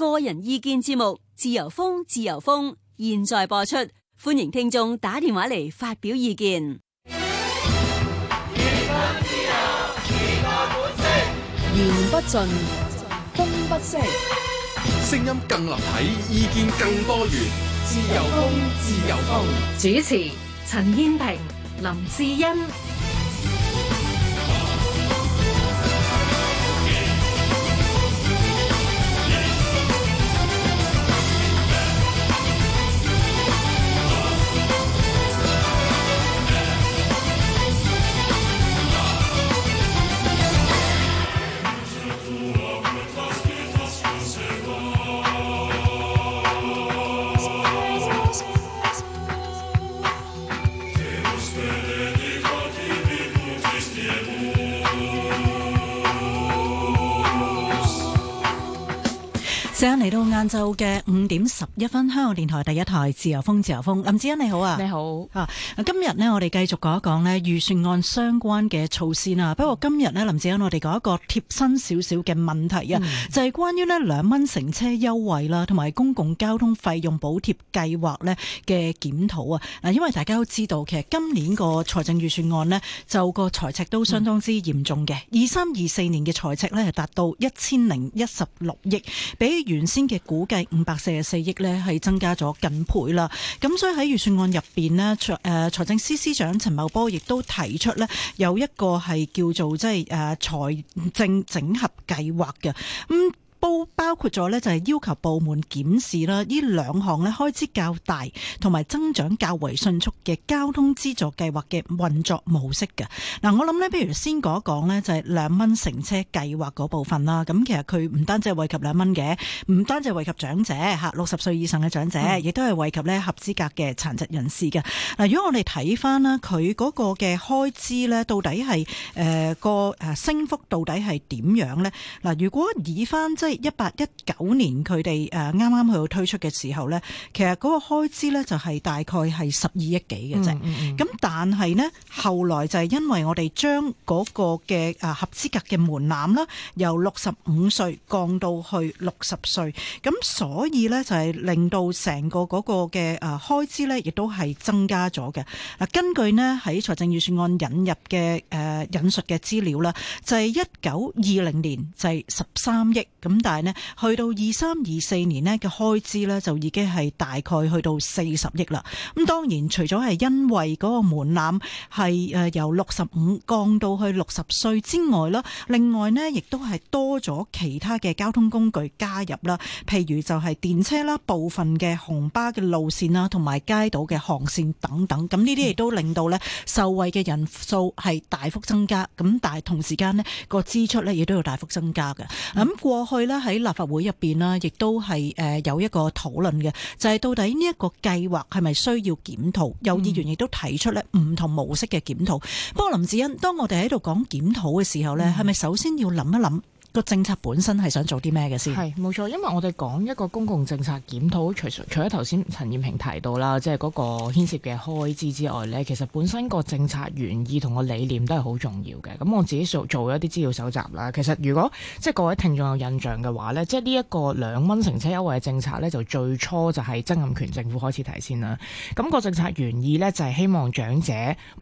個人意見節目，自由風，自由風，現在播出，歡迎聽眾打電話嚟發表意見。言不盡，風不息，聲音更立體，意見更多元。自由風，自由風。主持：陳燕萍、林志欣。就嘅五點十一分，香港電台第一台自由風，自由風，林子欣你好啊，你好、啊。今日呢，我哋繼續講一講呢預算案相關嘅措施啊。不過今日呢，林子欣我哋講一個貼身少少嘅問題啊，嗯、就係關於呢兩蚊乘車優惠啦，同埋公共交通費用補貼計劃呢嘅檢討啊。嗱，因為大家都知道，其實今年個財政預算案呢，就個財赤都相當之嚴重嘅，二三二四年嘅財赤呢，係達到一千零一十六億，比原先嘅估估計五百四十四億咧，係增加咗近倍啦。咁所以喺預算案入邊咧，財誒財政司司長陳茂波亦都提出咧有一個係叫做即係誒財政整合計劃嘅咁。包包括咗咧，就係要求部門檢視啦，呢兩項咧開支較大，同埋增長較為迅速嘅交通資助計劃嘅運作模式嘅。嗱，我諗咧，譬如先講一講咧，就係兩蚊乘車計劃嗰部分啦。咁其實佢唔單止係惠及兩蚊嘅，唔單止係惠及長者吓六十歲以上嘅長者，亦都係惠及咧合資格嘅殘疾人士嘅。嗱，如果我哋睇翻啦，佢嗰個嘅開支咧，到底係誒個誒升幅到底係點樣咧？嗱，如果以翻即一八一九年佢哋誒啱啱去到推出嘅時候呢，其實嗰個開支呢就係大概係十二億幾嘅啫。咁但係呢後來就係因為我哋將嗰個嘅誒合資格嘅門檻啦，由六十五歲降到去六十歲，咁所以呢就係令到成個嗰個嘅誒開支呢，亦都係增加咗嘅。嗱，根據呢喺財政預算案引入嘅誒引述嘅資料啦，就係一九二零年就係十三億咁。但係咧，去到二三二四年咧嘅開支咧，就已經係大概去到四十億啦。咁當然除咗係因為嗰個門檻係誒由六十五降到去六十歲之外啦，另外咧亦都係多咗其他嘅交通工具加入啦，譬如就係電車啦、部分嘅紅巴嘅路線啦、同埋街渡嘅航線等等。咁呢啲亦都令到咧受惠嘅人數係大幅增加。咁但係同時間咧，個支出咧亦都要大幅增加嘅。咁過去。喺立法會入邊呢亦都係誒有一個討論嘅，就係、是、到底呢一個計劃係咪需要檢討？有議員亦都提出咧唔同模式嘅檢討。嗯、不過林志恩，當我哋喺度講檢討嘅時候呢係咪首先要諗一諗？個政策本身係想做啲咩嘅先？係冇錯，因為我哋講一個公共政策檢討，除除咗頭先陳燕平提到啦，即係嗰個牽涉嘅開支之外咧，其實本身個政策原意同個理念都係好重要嘅。咁我自己做做一啲資料搜集啦，其實如果即係各位聽眾有印象嘅話咧，即係呢一個兩蚊乘車優惠嘅政策咧，就最初就係曾蔭權政府開始提先啦。咁、個政策原意咧就係、是、希望長者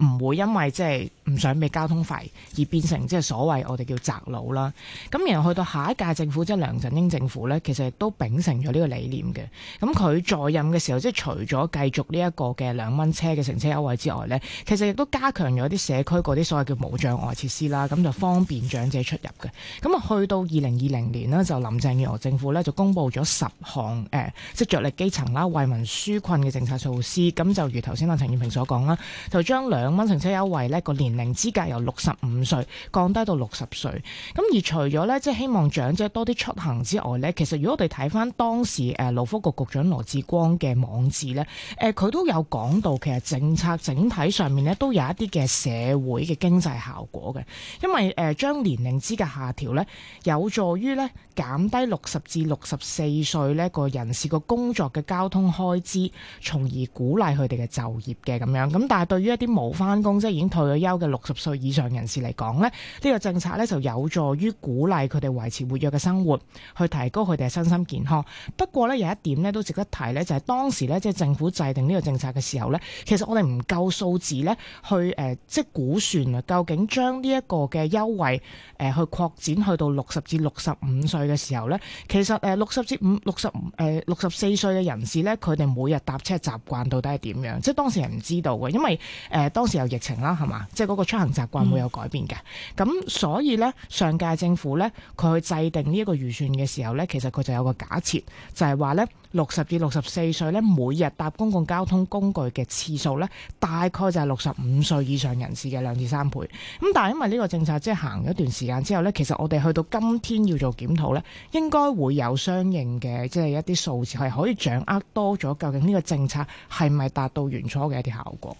唔會因為即係唔想俾交通費而變成即係所謂我哋叫宅老啦。咁然後去到下一屆政府，即係梁振英政府咧，其實亦都秉承咗呢個理念嘅。咁佢在任嘅時候，即係除咗繼續呢一個嘅兩蚊車嘅乘車優惠之外咧，其實亦都加強咗啲社區嗰啲所謂嘅無障礙設施啦，咁就方便長者出入嘅。咁啊，去到二零二零年呢就林鄭月娥政府咧就公布咗十項誒、呃、即着力基層啦、為民紓困嘅政策措施。咁就如頭先阿陳健波所講啦，就將兩蚊乘車優惠咧個年齡資格由六十五歲降低到六十歲，咁而除咗即係希望長者多啲出行之外咧，其實如果我哋睇翻當時誒勞福局局長羅致光嘅網誌，咧、呃，誒佢都有講到其實政策整體上面咧都有一啲嘅社會嘅經濟效果嘅，因為誒、呃、將年齡資格下，下調咧，有助於咧減低六十至六十四歲呢個人士個工作嘅交通開支，從而鼓勵佢哋嘅就業嘅咁樣。咁但係對於一啲冇翻工即係已經退咗休嘅六十歲以上人士嚟講咧，呢、呢個政策咧就有助於鼓勵。係佢哋維持活躍嘅生活，去提高佢哋嘅身心健康。不過呢，有一點呢都值得提呢，就係、是、當時呢，即係政府制定呢個政策嘅時候呢，其實我哋唔夠數字呢去誒、呃，即係估算啊，究竟將呢一個嘅優惠誒、呃、去擴展去到六十至六十五歲嘅時候呢。其實誒六十至五六十誒六十四歲嘅人士呢，佢哋每日搭車習慣到底係點樣？即係當時係唔知道嘅，因為誒、呃、當時有疫情啦，係嘛，即係嗰個出行習慣會有改變嘅。咁、嗯、所以呢，上屆政府呢。佢去制定呢一個預算嘅時候呢，其實佢就有個假設，就係話呢，六十至六十四歲呢，每日搭公共交通工具嘅次數呢，大概就係六十五歲以上人士嘅兩至三倍。咁但係因為呢個政策即係行咗一段時間之後呢，其實我哋去到今天要做檢討呢，應該會有相應嘅即係一啲數字係可以掌握多咗，究竟呢個政策係咪達到原初嘅一啲效果？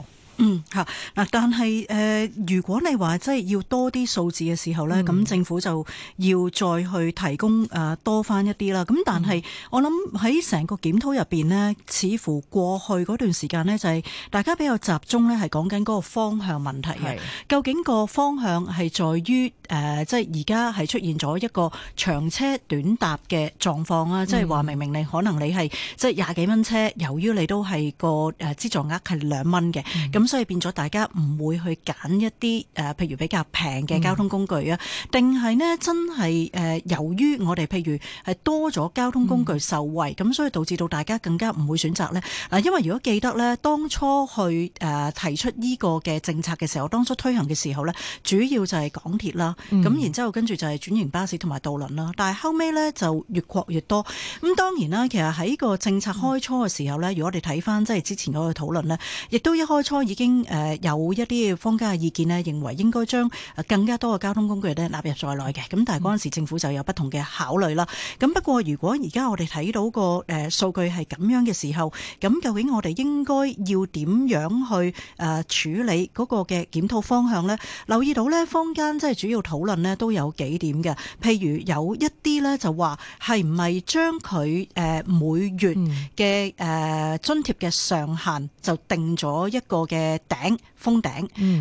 嗱、嗯，但係、呃、如果你話即係要多啲數字嘅時候咧，咁、嗯、政府就要再去提供、呃、多返一啲啦。咁但係、嗯、我諗喺成個檢討入面，呢似乎過去嗰段時間呢，就係大家比較集中呢係講緊嗰個方向問題是究竟個方向係在於、呃、即係而家係出現咗一個長車短搭嘅狀況啦。嗯、即係話明明你可能你係即係廿幾蚊車，由於你都係個誒資助額係兩蚊嘅，咁、嗯、所以。變咗大家唔會去揀一啲、啊、譬如比較平嘅交通工具啊，定係呢？真係由於我哋譬如係多咗交通工具受惠，咁、嗯、所以導致到大家更加唔會選擇呢。嗱。因為如果記得呢，當初去、啊、提出呢個嘅政策嘅時候，當初推行嘅時候呢，主要就係港鐵啦，咁、嗯、然之後跟住就係轉型巴士同埋渡輪啦。但係後尾呢，就越擴越多。咁當然啦，其實喺個政策開初嘅時候呢，嗯、如果我哋睇翻即係之前嗰個討論呢，亦都一開初已經。誒，有一啲坊間嘅意見咧，認為應該將更加多嘅交通工具咧納入在內嘅。咁但係嗰陣時政府就有不同嘅考慮啦。咁不過如果而家我哋睇到個誒數據係咁樣嘅時候，咁究竟我哋應該要點樣去誒處理嗰個嘅檢討方向呢？留意到呢，坊間即係主要討論咧都有幾點嘅，譬如有一啲呢，就話係唔係將佢誒每月嘅誒津貼嘅上限就定咗一個嘅。頂封頂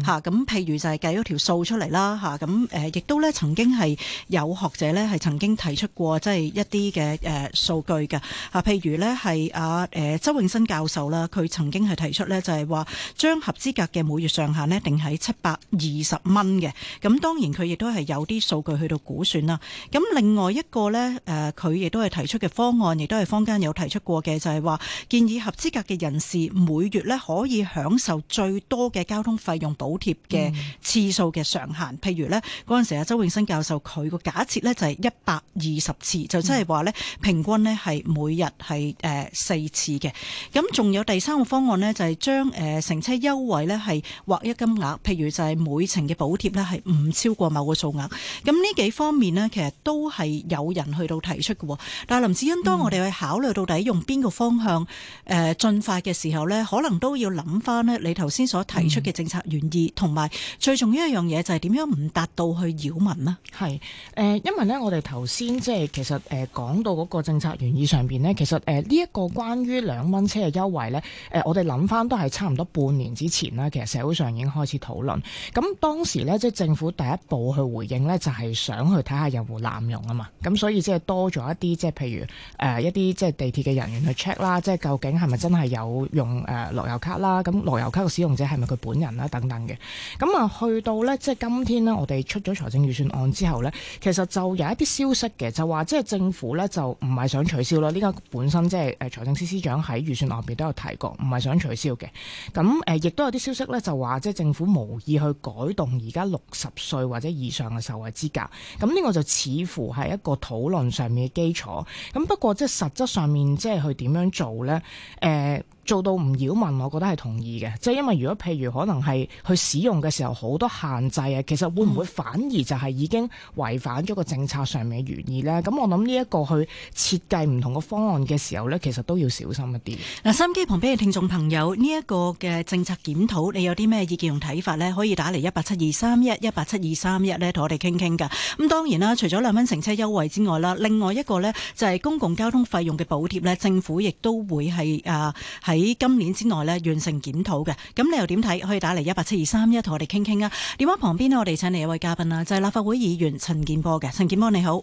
吓，咁、嗯啊，譬如就係計咗條數出嚟啦吓，咁、啊、誒，亦、啊、都咧曾經係有學者咧係曾經提出過，即係一啲嘅誒數據嘅嚇、啊。譬如呢、啊，係阿誒周永新教授啦，佢曾經係提出呢，就係話，將合資格嘅每月上限呢，定喺七百二十蚊嘅。咁當然佢亦都係有啲數據去到估算啦。咁、啊、另外一個呢，誒、啊，佢亦都係提出嘅方案，亦都係坊間有提出過嘅，就係話建議合資格嘅人士每月呢，可以享受最最多嘅交通費用補貼嘅次數嘅上限，嗯、譬如咧嗰陣時啊，周永生教授佢個假設咧就係一百二十次，嗯、就即係話咧平均咧係每日係誒四次嘅。咁仲有第三個方案咧，就係將誒乘車優惠咧係劃一金額，譬如就係每程嘅補貼咧係唔超過某個數額，咁呢幾方面咧，其實都係有人去到提出嘅。但係林志欣，當我哋去考慮到底用邊個方向誒進發嘅時候咧，嗯、可能都要諗翻咧，你頭。先、嗯、所提出嘅政策原意，同埋最重要的一樣嘢，就係點樣唔達到去擾民咧？係誒因為咧，我哋頭先即係其實誒講到嗰個政策原意上邊咧，其實誒呢一個關於兩蚊車嘅優惠咧，誒我哋諗翻都係差唔多半年之前啦。其實社會上已經開始討論，咁當時咧即係政府第一步去回應咧，就係想去睇下有冇濫用啊嘛。咁所以即係多咗一啲即係譬如誒一啲即係地鐵嘅人員去 check 啦，即係究竟係咪真係有用誒樂悠咭啦？咁樂悠咭嘅使用或者係咪佢本人啦等等嘅，咁啊去到呢，即係今天呢，我哋出咗財政預算案之後呢，其實就有一啲消息嘅，就話即係政府呢，就唔係想取消啦。呢個本身即係誒財政司司長喺預算案入面都有提過，唔係想取消嘅。咁誒，亦都有啲消息呢，就話即係政府無意去改動而家六十歲或者以上嘅受惠資格。咁、這、呢個就似乎係一個討論上面嘅基礎。咁不過即係實質上面，即係去點樣做呢？誒、呃。做到唔擾民，我覺得係同意嘅。即係因為如果譬如可能係去使用嘅時候好多限制啊，其實會唔會反而就係已經違反咗個政策上面嘅原意呢？咁、嗯、我諗呢一個去設計唔同個方案嘅時候呢，其實都要小心一啲。嗱，收音機旁邊嘅聽眾朋友，呢、這、一個嘅政策檢討，你有啲咩意見同睇法呢？可以打嚟一八七二三一一八七二三一呢，同我哋傾傾㗎。咁當然啦，除咗兩蚊乘車優惠之外啦，另外一個呢，就係公共交通費用嘅補貼呢，政府亦都會係啊係，喺今年之內咧完成檢討嘅，咁你又點睇？可以打嚟一八七二三一，同我哋傾傾啊。電話旁邊咧，我哋請嚟一位嘉賓啦，就係、是、立法會議員陳健波嘅。陳健波你好，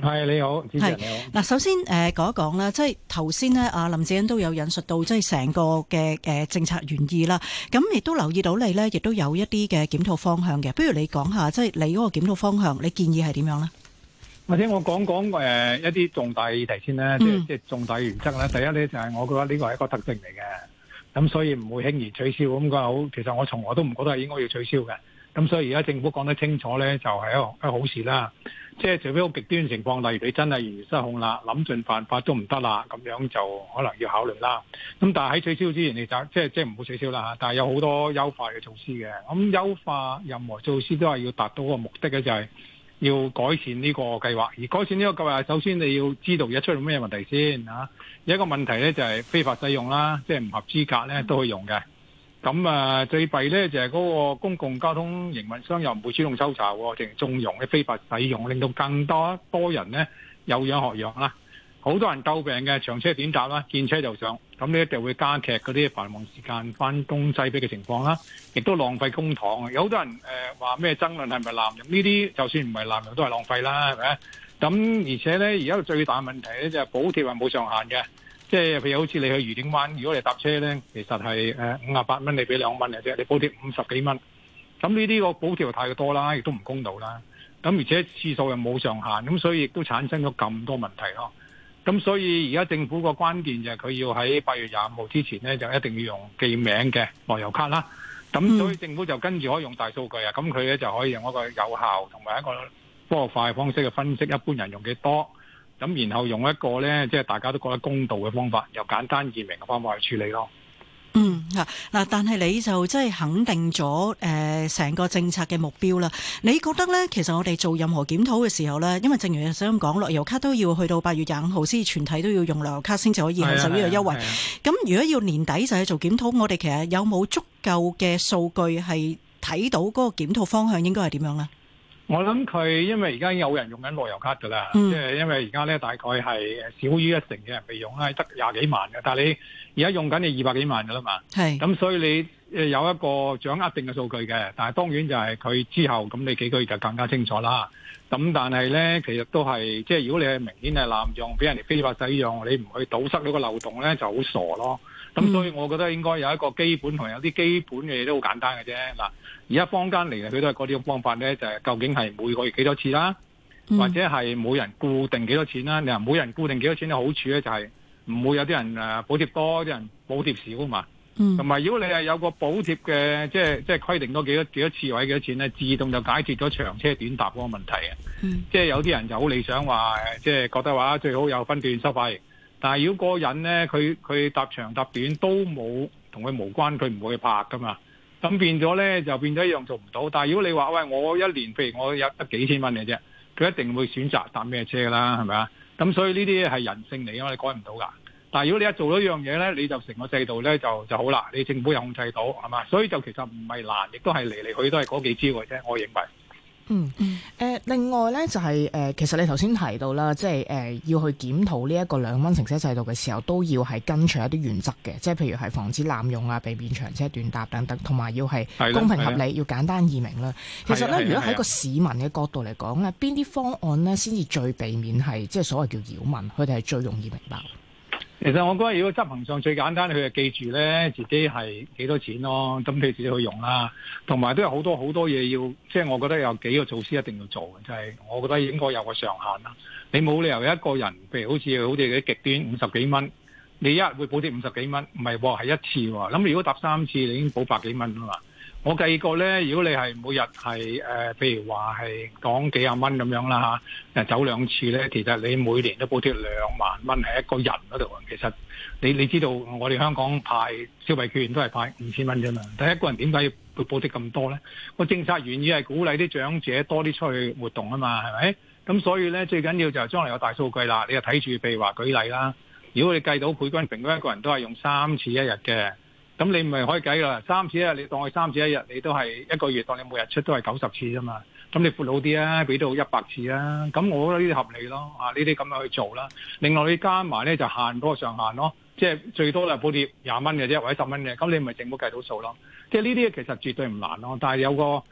係你好，主持人你好。嗱，首先誒講、呃、一講啦，即係頭先咧啊林志恩都有引述到，即係成個嘅誒政策原意啦。咁亦都留意到你呢，亦都有一啲嘅檢討方向嘅。不如你講下，即係你嗰個檢討方向，你建議係點樣呢？或者我講講誒一啲重大議題先啦，即係即係重大原則啦。第一咧就係，我覺得呢個係一個特性嚟嘅，咁所以唔會輕易取消咁好。其實我從來都唔覺得係應該要取消嘅。咁所以而家政府講得清楚咧，就係一個好事啦。即係除非好極端情況，例如你真係完全失控啦，諗盡辦法都唔得啦，咁樣就可能要考慮啦。咁但係喺取消之前，你就即係即係唔好取消啦。但係有好多優化嘅措施嘅。咁優化任何措施都係要達到個目的嘅，就係、是。要改善呢個計劃，而改善呢個計劃，首先你要知道而家出咗咩問題先吓。有一個問題咧，就係非法使用啦，即係唔合資格咧都可以用嘅。咁啊、嗯，最弊咧就係嗰個公共交通營運商又唔會主動抽查，淨係縱容你非法使用，令到更多多人咧有樣學樣啦。好多人詬病嘅長車短搭啦，見車就上，咁呢一定會加劇嗰啲繁忙時間翻東西逼嘅情況啦，亦都浪費公帑。有好多人誒話咩爭論係咪濫用呢啲？是是就算唔係濫用都係浪費啦，係咪？咁而且咧，而家最大問題咧就係補貼係冇上限嘅，即、就、係、是、譬如好似你去愉景灣，如果你搭車咧，其實係誒五十八蚊你俾兩蚊嚟啫，你補貼五十幾蚊。咁呢啲個補貼太多啦，亦都唔公道啦。咁而且次數又冇上限，咁所以亦都產生咗咁多問題咯。咁所以而家政府個關鍵就係佢要喺八月廿五號之前咧就一定要用記名嘅內郵卡啦。咁所以政府就跟住可以用大數據啊，咁佢咧就可以用一個有效同埋一個科學化嘅方式去分析一般人用幾多，咁然後用一個咧即係大家都覺得公道嘅方法，又簡單易明嘅方法去處理咯。嗯，嗱，但係你就真係肯定咗誒成個政策嘅目標啦。你覺得咧，其實我哋做任何檢討嘅時候咧，因為正如你咁講，樂悠卡都要去到八月廿五號，先全體都要用樂悠卡先至可以享受呢個優惠。咁如果要年底就去做檢討，我哋其實有冇足夠嘅數據係睇到嗰個檢討方向應該係點樣咧？我諗佢，因為而家有人用緊樂悠卡㗎啦，即係因為而家咧大概係少於一成嘅人未用啦，得廿幾萬嘅，但係你。而家用緊你二百幾萬噶啦嘛，咁是、嗯、所以你有一個掌握定嘅數據嘅，但係當然就係佢之後咁你幾個月就更加清楚啦。咁、嗯、但係咧，其實都係即係如果你係明顯係濫用，俾人哋非法使用，你唔去堵塞呢個漏洞咧，就好傻咯。咁、嗯嗯、所以，我覺得應該有一個基本同有啲基本嘅嘢都好簡單嘅啫。嗱，而家坊間嚟嚟去都係嗰啲方法咧，就係、是、究竟係每個月幾多次啦、啊，或者係每人固定幾多錢啦、啊。你話，每人固定幾多錢嘅好處咧，就係、是。唔會有啲人，誒補貼多啲人補貼少啊嘛，同埋、嗯、如果你係有個補貼嘅，即係即係規定多幾多幾多次位幾多錢咧，自動就解決咗長車短搭嗰個問題啊。嗯、即係有啲人就好理想話，即係覺得話最好有分段收費。但係如果個人咧，佢佢搭長搭短都冇同佢無關，佢唔會去拍噶嘛。咁變咗咧就變咗一樣做唔到。但係如果你話喂，我一年譬如我有得幾千蚊嘅啫，佢一定會選擇搭咩車噶啦，係咪啊？咁所以呢啲係人性嚟啊，你改唔到噶。但係如果你一做咗一樣嘢咧，你就成個制度咧就就好啦。你政府又控制到，係嘛？所以就其實唔係難，亦都係嚟嚟去都係嗰幾招嘅啫。我認為。嗯，誒、呃、另外咧就係、是、誒、呃，其實你頭先提到啦，即係誒、呃、要去檢討呢一個兩蚊乘車制度嘅時候，都要係跟隨一啲原則嘅，即係譬如係防止濫用啊、避免長車短搭等等，同埋要係公平合理、的要簡單易明啦。的其實咧，如果喺個市民嘅角度嚟講咧，邊啲方案呢先至最避免係即係所謂叫擾民，佢哋係最容易明白。其實我覺得如果執行上最簡單，佢就記住咧自己係幾多錢咯、啊，咁你自己去用啦、啊。同埋都有好多好多嘢要，即、就、係、是、我覺得有幾個措施一定要做嘅，就係、是、我覺得應該有個上限啦。你冇理由一個人，譬如好似好似啲極端五十幾蚊，你一日會補貼五十幾蚊，唔係喎係一次、啊，咁如果搭三次，你已經補百幾蚊啦嘛。我計過呢，如果你係每日係誒，譬如話係講幾廿蚊咁樣啦嚇，誒走兩次呢，其實你每年都補貼兩萬蚊喺一個人嗰度啊。其實你你知道，我哋香港派消費券都係派五千蚊啫嘛。第一個人點解要補補貼咁多呢？個政策原意係鼓勵啲長者多啲出去活動啊嘛，係咪？咁所以呢，最緊要就係將來有大數據啦，你又睇住，譬如話舉例啦。如果你計到平均平均一個人都係用三次一日嘅。咁你唔係可以計噶啦，三次一日，你當佢三次一日，你都係一個月當你每日出都係九十次啫嘛。咁你闊佬啲啊，俾到一百次啊。咁我覺得呢啲合理咯，啊呢啲咁樣去做啦。另外你加埋咧就限嗰個上限咯，即係最多係補貼廿蚊嘅啫，或者十蚊嘅。咁你咪政府計到數咯。即係呢啲其實絕對唔難咯，但係有個誒、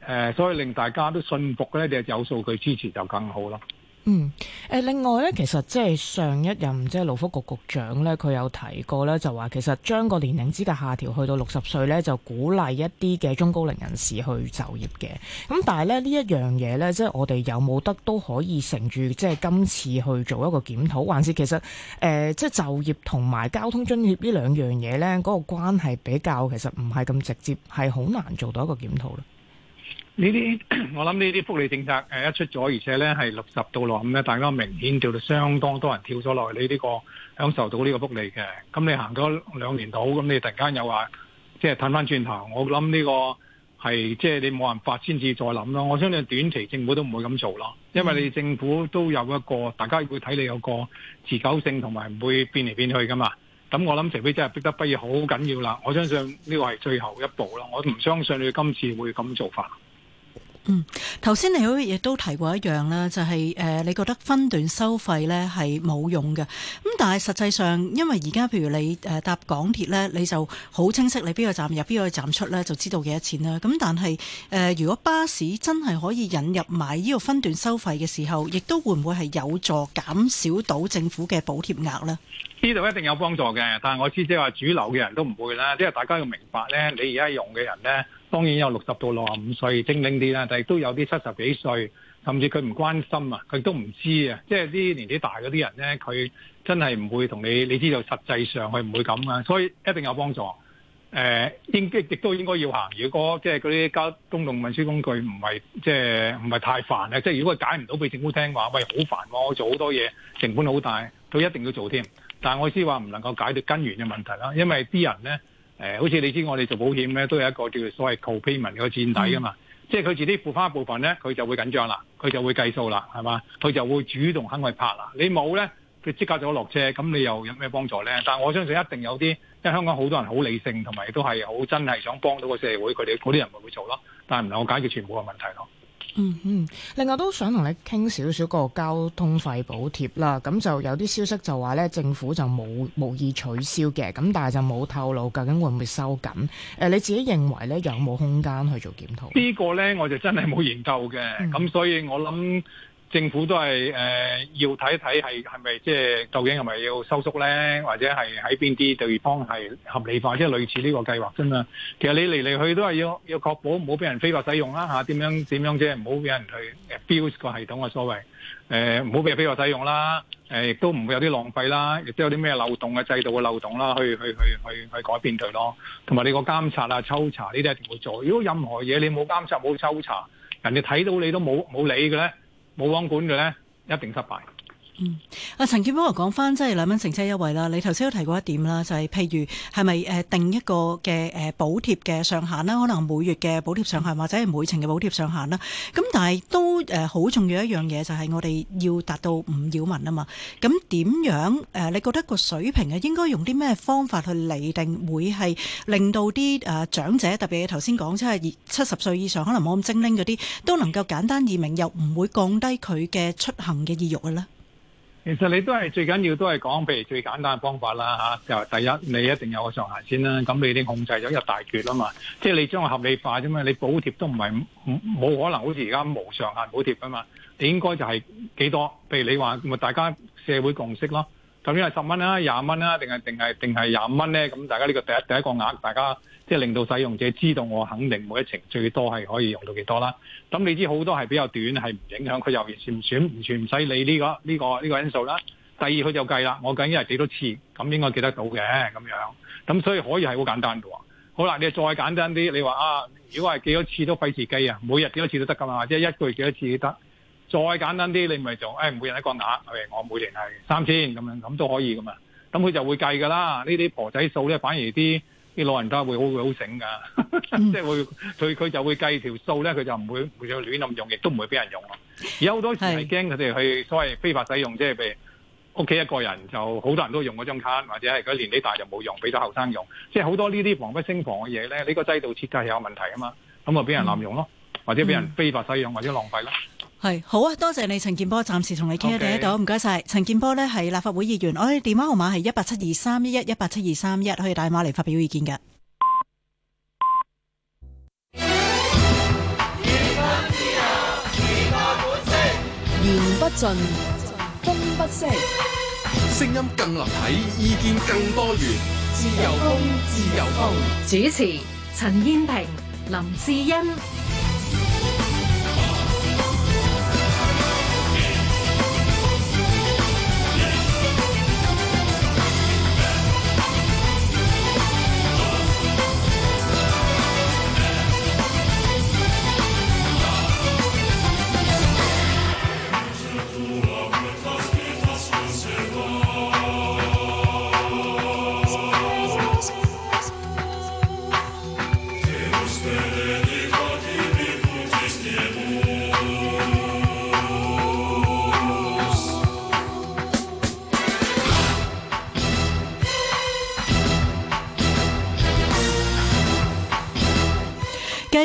呃，所以令大家都信服咧，就有數據支持就更好咯。嗯，誒，另外咧，其實即係上一任即係勞福局局長咧，佢有提過咧，就話其實將個年齡資格下調去到六十歲咧，就鼓勵一啲嘅中高齡人士去就業嘅。咁但係咧，呢一樣嘢咧，即係我哋有冇得都可以乘住即係今次去做一個檢討，還是其實誒，即係就業同埋交通津貼呢兩樣嘢咧，嗰個關係比較其實唔係咁直接，係好難做到一個檢討咧。呢啲我諗呢啲福利政策一出咗，而且咧係六十到落咁咧，大家明顯跳到相當多人跳咗落嚟，你、呢、呢個享受到呢個福利嘅。咁你行咗兩年到，咁你突然間又話即係褪翻轉頭，我諗呢個係即係你冇辦法先至再諗咯。我相信短期政府都唔會咁做咯，因為你政府都有一個大家會睇你有個持久性同埋唔會變嚟變去噶嘛。咁我諗除非真係逼得不如好緊要啦，我相信呢個係最後一步咯。我唔相信你今次會咁做法。嗯，頭先你好亦都提過一樣啦，就係、是、誒、呃、你覺得分段收費呢係冇用嘅，咁但係實際上，因為而家譬如你誒搭港鐵呢，你就好清晰你邊個站入邊個站出呢，就知道幾多錢啦。咁但係誒、呃，如果巴士真係可以引入埋呢個分段收費嘅時候，亦都會唔會係有助減少到政府嘅補貼額呢？呢度一定有幫助嘅，但我知即係話主流嘅人都唔會啦。即係大家要明白咧，你而家用嘅人咧，當然有六十到六十五歲精靈啲啦，但係都有啲七十幾歲，甚至佢唔關心啊，佢都唔知啊。即係啲年紀大嗰啲人咧，佢真係唔會同你。你知道實際上佢唔會咁啊，所以一定有幫助。誒、呃，應亦亦都應該要行。如果即係嗰啲交公共運輸工具唔係即係唔係太煩咧，即係如果解唔到俾政府聽話，喂好煩喎、哦，我做好多嘢成本好大，佢一定要做添。但係我意思話唔能夠解決根源嘅問題啦，因為啲人咧，誒、呃、好似你知我哋做保險咧，都有一個叫做所謂 co-payment 嘅墊底噶嘛，嗯、即係佢自己付翻一部分咧，佢就會緊張啦，佢就會計數啦，係嘛，佢就會主動肯去拍啦。你冇咧，佢即刻就落車，咁你又有咩幫助咧？但我相信一定有啲，因為香港好多人好理性，同埋亦都係好真係想幫到個社會，佢哋嗰啲人咪會做咯。但係唔能夠解決全部嘅問題咯。嗯嗯，另外都想同你傾少少個交通費補貼啦，咁就有啲消息就話呢，政府就冇無，無意取消嘅，咁但係就冇透露究竟會唔會收緊？誒、呃，你自己認為呢，有冇空間去做檢討？呢個呢，我就真係冇研究嘅，咁、嗯、所以我諗。政府都係誒、呃，要睇一睇係係咪即係究竟係咪要收縮咧，或者係喺邊啲地方係合理化，即、就、係、是、類似呢個計劃啫嘛。其實你嚟嚟去都係要要確保唔好俾人非法使用啦、啊。嚇、啊、點樣點樣啫？唔好俾人去 abuse 個系統嘅所謂誒唔好俾人非法使用啦、啊，誒、呃、亦都唔會有啲浪費啦、啊，亦都有啲咩漏洞嘅制度嘅漏洞啦、啊，去去去去去，去改變佢咯。同埋你個監察啊、抽查呢啲一定會做。如果任何嘢你冇監察冇抽查，人哋睇到你都冇冇理嘅咧。冇監管嘅咧，一定失敗。嗯，阿陳健波又講翻，即係兩蚊乘車優惠啦。你頭先都提過一點啦，就係、是、譬如係咪誒定一個嘅誒補貼嘅上限啦？可能每月嘅補貼上限，或者係每程嘅補貼上限啦。咁但係都誒好重要一樣嘢，就係、是、我哋要達到唔擾民啊嘛。咁點樣誒？你覺得個水平啊，應該用啲咩方法去釐定，會係令到啲誒長者，特別頭先講即係七十歲以上，可能冇咁精靈嗰啲，都能夠簡單易明，又唔會降低佢嘅出行嘅意欲嘅呢？其實你都係最緊要都係講，譬如最簡單嘅方法啦嚇，就第一你一定有個上限先啦，咁你已經控制咗一大橛啦嘛，即係你將個合理化啫嘛，你補貼都唔係冇可能，好似而家無上限補貼噶嘛，你應該就係幾多？譬如你話咪大家社會共識咯。究竟係十蚊啦，廿蚊啦，定係定係定係廿五蚊咧？咁大家呢個第一第一個額，大家即係令到使用者知道，我肯定每一程最多係可以用到幾多啦。咁你知好多係比較短，係唔影響佢，又完全唔算，完全唔使理呢個呢個呢個因素啦。第二佢就計啦，我究竟係幾多次，咁應該記得到嘅咁樣。咁所以可以係好簡單嘅喎。好啦，你再簡單啲，你話啊，如果係幾多次都費事計啊，每日幾多次都得㗎嘛，即係一個月幾多次都得。再簡單啲，你咪就誒、哎、每人一個額，譬、哎、我每年係三千咁樣，咁都可以噶嘛。咁佢就會計噶啦。呢啲婆仔數咧，反而啲啲老人家會好、嗯、 會好醒噶，即係會佢佢就會計條數咧，佢就唔會唔會亂咁用，亦都唔會俾人用咯。有好多時係驚佢哋去所謂非法使用，即係譬如屋企一個人就好多人都用嗰張卡，或者係佢年紀大就冇用，俾咗後生用。即係好多房房呢啲防不勝防嘅嘢咧，呢、呢個制度設計係有問題啊嘛，咁就俾人濫用咯，嗯、或者俾人非法使用或者浪費咯。係好啊！多謝你，陳健波，暫時同你傾喺度，唔該晒。陳健波呢係立法會議員，我、哎、哋電話號碼係一八七二三一一一八七二三一，可以打電話嚟發表意見㗎。言不盡，風不息，聲音更立體，意見更多元，自由風，自由風。主持：陳燕萍、林志欣。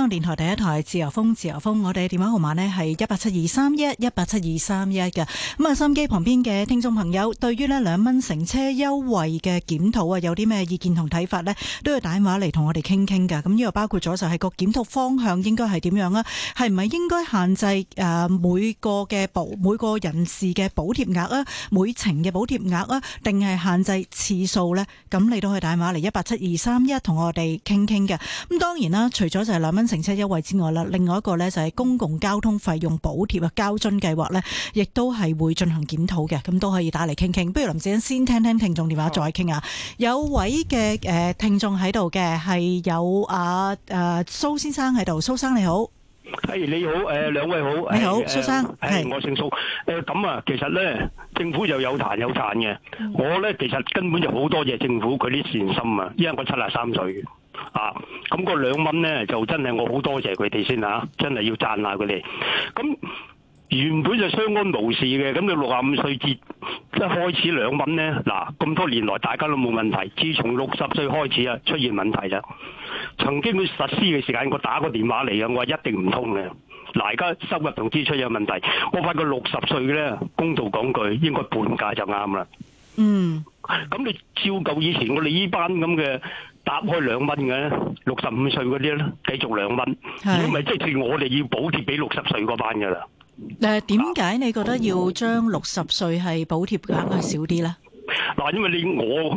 香港電台第一台自由風，自由風，我哋嘅電話號碼咧係一八七二三一，一八七二三一嘅。咁啊，收音機旁邊嘅聽眾朋友，對於咧兩蚊乘車優惠嘅檢討啊，有啲咩意見同睇法咧，都要打電話嚟，同我哋傾傾噶。咁、這、呢個包括咗就係個檢討方向應該係點樣啊？係唔係應該限制誒每個嘅補每個人士嘅補貼額啊，每程嘅補貼額啊，定係限制次數咧？咁你都可以打電話嚟，一八七二三一同我哋傾傾嘅。咁當然啦，除咗就係兩蚊。乘車優惠之外啦，另外一個咧就係公共交通費用補貼啊，交津計劃咧，亦都係會進行檢討嘅，咁都可以打嚟傾傾。不如林志欣先聽聽聽眾電話再傾啊。有位嘅誒聽眾喺度嘅係有啊誒，蘇先生喺度，蘇生你好，係，你好誒，兩位好，你好蘇生，係我姓蘇誒咁啊，其實咧政府就有彈有讚嘅，我咧其實根本就好多謝政府佢啲善心啊，因為我七十三歲。啊！咁、那個兩蚊咧就真係我好多謝佢哋先吓，真係要讚下佢哋。咁、啊、原本就相安無事嘅，咁你六十五歲至一開始兩蚊咧，嗱、啊、咁多年來大家都冇問題。自從六十歲開始啊，出現問題啦。曾經佢實施嘅時間，我打過電話嚟嘅，我話一定唔通嘅。嗱、啊，而家收入同支出有問題，我發覺六十歲咧，公道講句，應該半價就啱啦。嗯，咁你照舊以前我哋呢班咁嘅。搭開兩蚊嘅咧，六十五歲嗰啲咧繼續兩蚊，你咪即係我哋要補貼俾六十歲嗰班噶啦。誒，點解你覺得要將六十歲係補貼嘅，肯係少啲咧？嗱，因為你我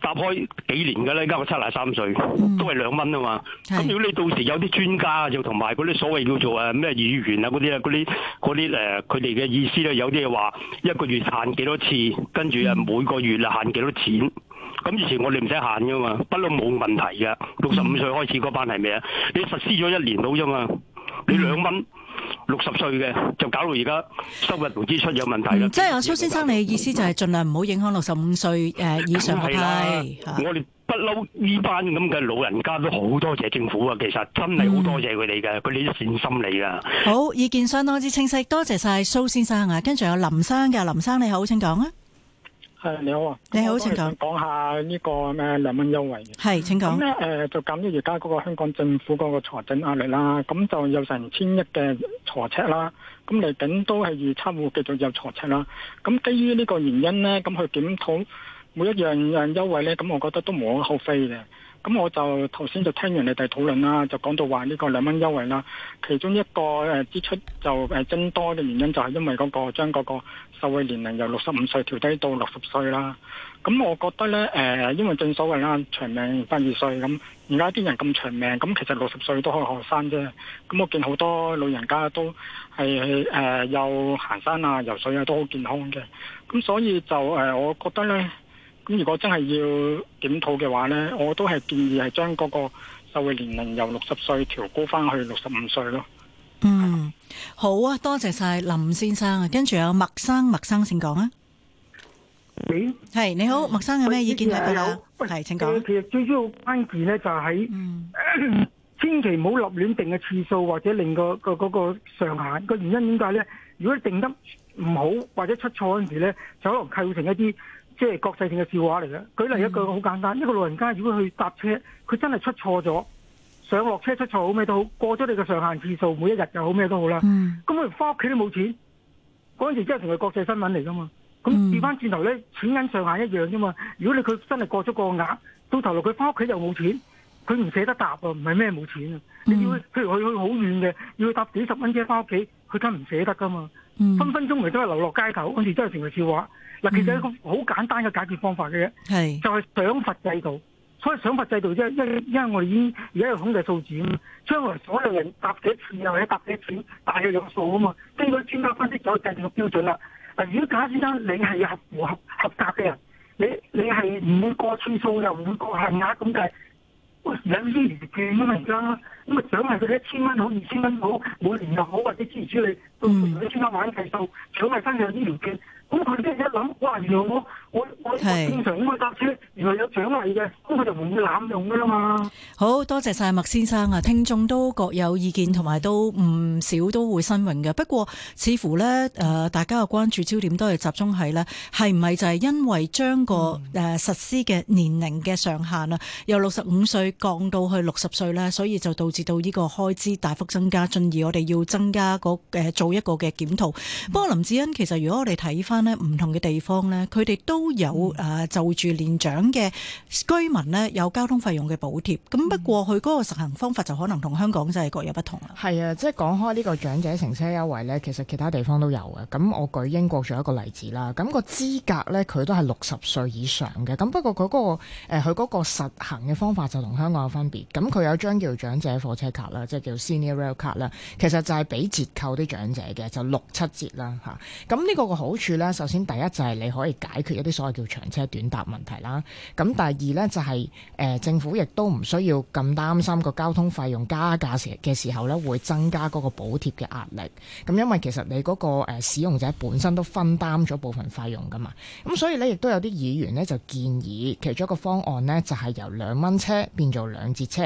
搭開幾年嘅咧，而家我七廿三歲，都係兩蚊啊嘛。咁、嗯、如果你到時有啲專家就同埋嗰啲所謂叫做誒咩議員啊嗰啲啊嗰啲啲誒佢哋嘅意思咧，有啲嘢話一個月限幾多次，跟住啊每個月啊限幾多錢。嗯咁以前我哋唔使限噶嘛，不嬲冇問題㗎。六十五歲開始嗰班係咩啊？你實施咗一年到啫嘛，你兩蚊六十歲嘅就搞到而家收入同支出有問題啦。即係阿蘇先生，你意思就係盡量唔好影響六十五歲誒以上嘅。係啦，我哋不嬲呢班咁嘅老人家都好多謝政府啊，其實真係好多謝佢哋嘅，佢哋都善心嚟㗎。好，意見相當之清晰，多謝晒蘇先生啊。跟住有林生嘅，林生你好，請講啊。誒，你好啊，你好，請講。講下呢個咩兩蚊優惠？係，請講。咁咧，誒，就鑒於而家嗰個香港政府嗰個財政壓力啦，咁就有成千億嘅財赤啦，咁嚟緊都係預測會繼續有財赤啦。咁基於呢個原因咧，咁去檢討每一樣樣優惠咧，咁我覺得都無可厚非嘅。咁我就頭先就聽完你哋討論啦，就講到話呢個兩蚊優惠啦，其中一個、呃、支出就增多嘅原因就係因為嗰、嗰個將嗰個受惠年齡由六十五歲調低到六十歲啦。咁我覺得呢，誒、呃，因為正所謂啦，長命百二歲咁，而家啲人咁長命，咁其實六十歲都可以學生啫。咁我見好多老人家都係誒又行山啊、游水啊，都好健康嘅。咁所以就誒、呃，我覺得呢。咁如果真係要檢討嘅話咧，我都係建議係將嗰個受惠年齡由六十歲調高翻去六十五歲咯。嗯，好啊，多謝晒林先生啊，跟住有麥生，麥生先講啊。你係、嗯、你好，嗯、麥生有咩意見大你係請講。其實最主要關鍵咧就喺、嗯、千祈唔好立亂定嘅次數或者令、嗰個、嗰個、嗰個上限。個原因點解咧？如果定得唔好或者出錯嗰陣時咧，就可能構成一啲。即係國際性嘅笑話嚟嘅，舉例一句好簡單，嗯、一個老人家如果去搭車，佢真係出錯咗，上落車出錯好咩都好，過咗你嘅上限次數，每一日又好咩都好啦。咁佢翻屋企都冇錢，嗰陣時真係同佢國際新聞嚟噶嘛。咁轉翻轉頭咧，嗯、錢銀上限一樣啫嘛。如果你佢真係過咗個額，到頭來佢翻屋企又冇錢，佢唔捨得搭啊，唔係咩冇錢啊。你要譬如佢去好遠嘅，要去搭幾十蚊車翻屋企，佢梗唔捨得噶嘛。分、嗯、分鐘嚟都係流落街頭，嗰時真係成為笑話。嗯、其實一個好簡單嘅解決方法嘅啫，是就係獎罰制度。所以獎罰制度啫，因為因為我哋已經而家有統計數字啊嘛，將來所有人搭幾次又係搭幾次，大約有數啊嘛。經過專家分析咗，制定個標準啦。如果假設生你係合，合，合格嘅人，你你係唔會過次數又唔會過限額咁計。喂，有啲年嘅嘛，而家。咁啊想係佢一千蚊好，二千蚊好，每年又好，或者支持唔同一千蚊玩計數，獎係分有啲年嘅。 咁佢哋一諗，哇！原來我我我正常咁去搭車，原來有獎勵嘅，咁佢就唔會濫用噶啦嘛。好多謝晒麥先生啊！聽眾都各有意見，同埋都唔少都會申榮嘅。不過似乎呢，誒、呃、大家嘅關注焦點都係集中喺咧，係唔係就係因為將個誒實施嘅年齡嘅上限啊，嗯、由六十五歲降到去六十歲呢，所以就導致到呢個開支大幅增加，進而我哋要增加、那個做一個嘅檢討。嗯、不過林志欣，其實如果我哋睇翻。唔同嘅地方咧，佢哋都有、嗯啊、就住年長嘅居民咧，有交通費用嘅補貼。咁不過佢嗰個實行方法就可能同香港真係各有不同啦。係啊，即係講開呢個長者乘車優惠咧，其實其他地方都有嘅。咁我舉英國做一個例子啦。咁、嗰個資格咧，佢都係六十歲以上嘅。咁不過嗰、嗰個誒，佢、嗰、個實行嘅方法就同香港有分別。咁佢有張叫長者火車卡啦，即係叫 Senior Rail 卡啦。其實就係俾折扣啲長者嘅，就六七折啦吓。咁呢個個好處呢首先第一就係你可以解決一啲所謂叫長車短搭問題啦。咁第二咧就係，誒政府亦都唔需要咁擔心個交通費用加價嘅時候咧會增加嗰個補貼嘅壓力。咁因為其實你嗰個誒使用者本身都分擔咗部分費用噶嘛。咁所以咧，亦都有啲議員咧就建議其中一個方案咧，就係由兩蚊車變做兩折車，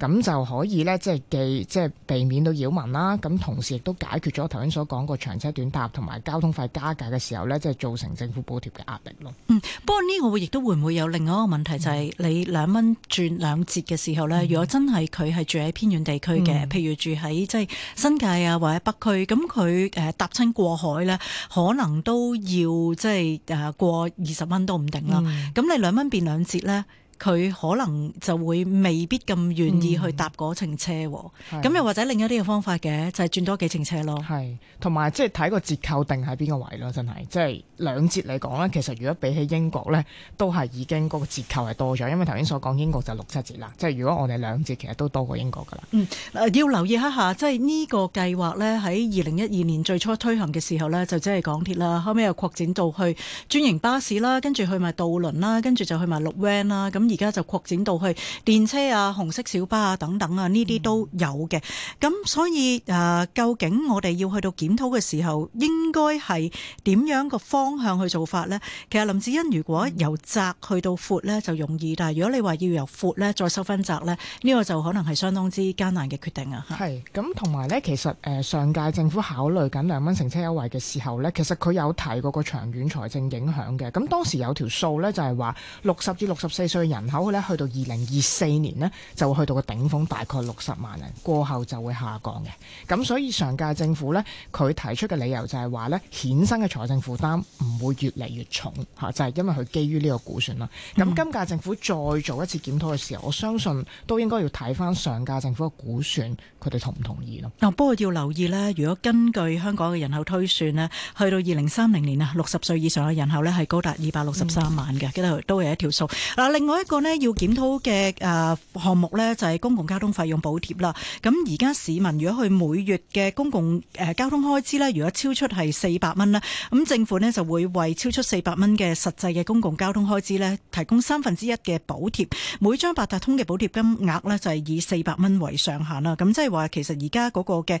咁就可以咧，即係既即係避免到擾民啦。咁同時亦都解決咗頭先所講個長車短搭同埋交通費加價嘅時候。有咧，即係造成政府補貼嘅壓力咯。嗯，不過呢個會亦都會唔會有另一個問題，就係、是、你兩蚊轉兩折嘅時候咧，嗯、如果真係佢係住喺偏遠地區嘅，嗯、譬如住喺即係新界啊或者北區，咁佢誒搭親過海咧，可能都要即係誒過二十蚊都唔定啦。咁、嗯、你兩蚊變兩折咧？佢可能就會未必咁願意去搭嗰程車，咁、嗯、又或者另一啲嘅方法嘅就係、是、轉多幾程車咯。係，同埋即係睇個折扣定喺邊個位咯，真係即係兩折嚟講呢，其實如果比起英國呢，都係已經嗰個折扣係多咗，因為頭先所講英國就六七折啦，即、就、係、是、如果我哋兩折其實都多過英國噶啦。嗯、呃，要留意一下，即係呢個計劃呢，喺二零一二年最初推行嘅時候呢，就即係港鐵啦，後尾又擴展到去專營巴士啦，跟住去埋渡輪啦，跟住就去埋綠 van 啦，咁。而家就擴展到去電車啊、紅色小巴啊等等啊，呢啲都有嘅。咁所以、呃、究竟我哋要去到檢討嘅時候，應該係點樣個方向去做法呢？其實林志恩，如果由窄去到闊呢，就容易；但係如果你話要由闊呢，再收翻窄呢，呢、呢個就可能係相當之艱難嘅決定啊。係。咁同埋呢，其實上屆政府考慮緊兩蚊乘車優惠嘅時候呢，其實佢有提過個長遠財政影響嘅。咁當時有條數呢，就係話六十至六十四歲人。人口咧，去到二零二四年呢，就會去到個頂峰，大概六十萬人過後就會下降嘅。咁所以上屆政府呢，佢提出嘅理由就係話呢，衍生嘅財政負擔唔會越嚟越重吓、啊，就係、是、因為佢基於呢個估算啦。咁今屆政府再做一次檢討嘅時候，我相信都應該要睇翻上屆政府嘅估算，佢哋同唔同意咯？嗱、哦，不過要留意呢，如果根據香港嘅人口推算呢，去到二零三零年啊，六十歲以上嘅人口呢係高達二百六十三萬嘅，跟住、嗯、都有一條數。嗱，另外個呢要檢討嘅誒項目呢，就係公共交通費用補貼啦。咁而家市民如果去每月嘅公共誒交通開支呢，如果超出係四百蚊啦，咁政府呢就會為超出四百蚊嘅實際嘅公共交通開支呢，提供三分之一嘅補貼。每張八達通嘅補貼金額呢，就係以四百蚊為上限啦。咁即係話其實而家嗰個嘅誒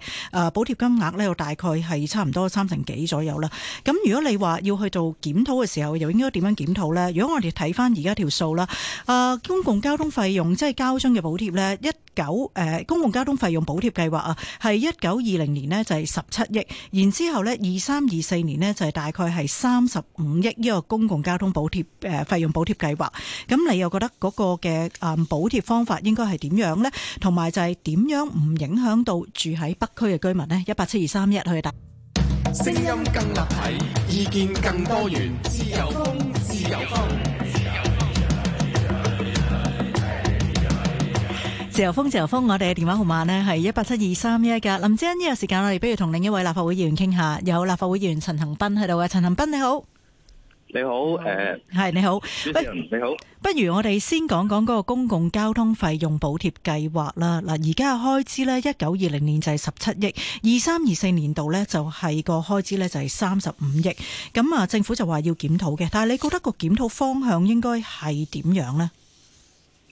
補貼金額呢，大概係差唔多三成幾左右啦。咁如果你話要去做檢討嘅時候，又應該點樣檢討呢？如果我哋睇翻而家條數啦。啊、呃，公共交通費用即係交通嘅補貼呢一九、呃、公共交通費用補貼計劃啊，係一九二零年呢就係十七億，然之後呢二三二四年呢就係、是、大概係三十五億呢、這個公共交通補貼誒、呃、費用補貼計劃。咁你又覺得嗰個嘅啊補貼方法應該係點樣呢？同埋就係點樣唔影響到住喺北區嘅居民呢？一八七二三一去打。聲音更立體，意見更多元，自由風，自由風。自由風，自由風，我哋嘅電話號碼呢係一八七二三一嘅。林志恩，呢個時間我哋不如同另一位立法會議員傾下，有立法會議員陳恒鑌喺度嘅。陳恒鑌你好，你好，誒，係你好，呃、不如我哋先講講嗰個公共交通費用補貼計劃啦。嗱，而家嘅開支呢，一九二零年就係十七億，二三二四年度呢就係、是、個開支呢就係三十五億。咁啊，政府就話要檢討嘅，但係你覺得個檢討方向應該係點樣呢？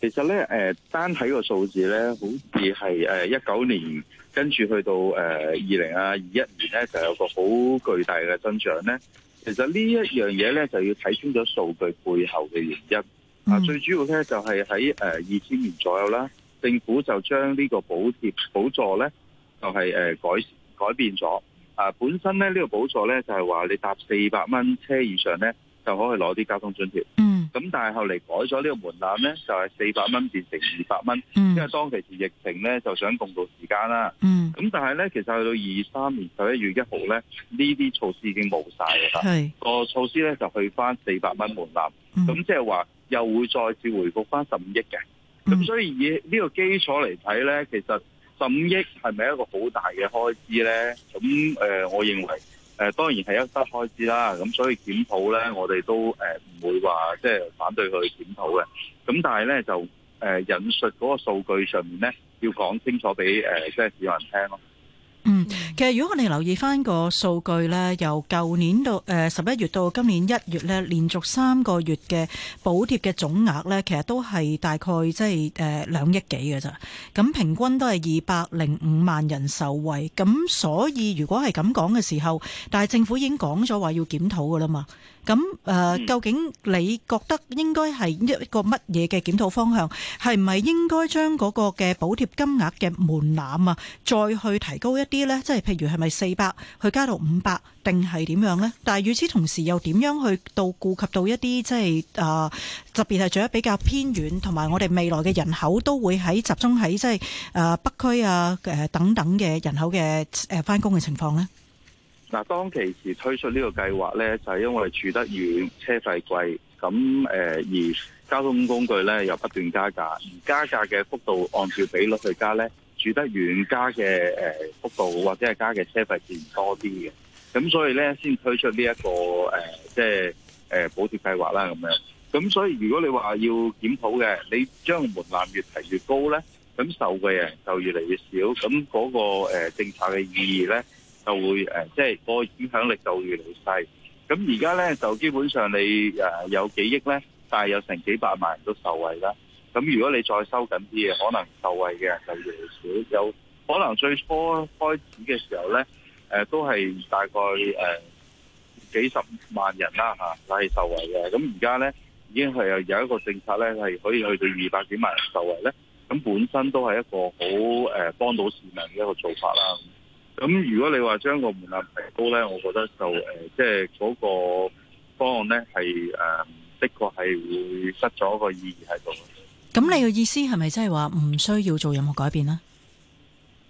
其實咧，誒，單睇個數字咧，好似係誒一九年跟住去到誒二零啊二一年咧，就有個好巨大嘅增長咧。其實呢一樣嘢咧，就要睇清楚數據背後嘅原因。啊，mm. 最主要咧就係喺誒二千年左右啦，政府就將呢個補貼補助咧，就係誒改改變咗。啊，本身咧，呢個補助咧，就係話你搭四百蚊車以上咧，就可以攞啲交通津貼。咁但係後嚟改咗呢個門檻呢，就係四百蚊，變成二百蚊，嗯、因為當其時疫情呢，就想共度時間啦。咁、嗯、但係呢，其實去到二三年十一月一號呢，呢啲措施已經冇晒啦。是個措施呢，就去翻四百蚊門檻，咁即係話又會再次回復翻十五億嘅。咁、嗯、所以以呢個基礎嚟睇呢，其實十五億係咪一個好大嘅開支呢？咁誒、呃，我認為。誒，當然係一筆開支啦，咁所以檢討咧，我哋都誒唔會話即係反對佢檢討嘅，咁但係咧就誒引述嗰個數據上面咧，要講清楚俾誒即係市民聽咯。嗯。其實，如果我哋留意返個數據咧，由舊年到誒十一月到今年一月咧，連續三個月嘅補貼嘅總額咧，其實都係大概即係誒兩億幾嘅咋，咁平均都係二百零五萬人受惠，咁所以如果係咁講嘅時候，但係政府已經講咗話要檢討㗎喇嘛。咁誒、呃，究竟你覺得應該係一個乜嘢嘅檢討方向？係唔係應該將嗰個嘅補貼金額嘅門檻啊，再去提高一啲呢？即係譬如係咪四百，去加到五百，定係點樣呢？但係與此同時，又點樣去到顧及到一啲即係誒、呃、特別係住得比較偏遠，同埋我哋未來嘅人口都會喺集中喺即係誒、呃、北區啊、呃、等等嘅人口嘅誒返工嘅情況呢？嗱，當其時推出呢個計劃咧，就係、是、因為住得遠，車費貴，咁誒、呃、而交通工具咧又不斷加價，而加價嘅幅度按照比率去加咧，住得遠加嘅誒幅度或者係加嘅車費自然多啲嘅，咁所以咧先推出呢、這、一個誒、呃、即係誒、呃、補貼計劃啦咁樣。咁所以如果你話要檢討嘅，你將門檻越提越高咧，咁受惠人就越嚟越少，咁嗰、那個、呃、政策嘅意義咧？就會誒，即係個影響力就會越嚟越細。咁而家呢，就基本上你誒有幾億呢，但係有成幾百萬人都受惠啦。咁如果你再收緊啲嘢，可能受惠嘅人就越嚟越少。有可能最初開始嘅時候呢，誒、呃、都係大概誒、呃、幾十萬人啦吓都係受惠嘅。咁而家呢，已經係有一個政策呢，係可以去到二百幾萬人受惠呢。咁本身都係一個好誒幫到市民嘅一個做法啦。咁如果你話將個門檻提高咧，我覺得就誒，即係嗰個方案咧係誒，的確係會失咗個意義喺度。咁你嘅意思係咪即係話唔需要做任何改變咧？誒、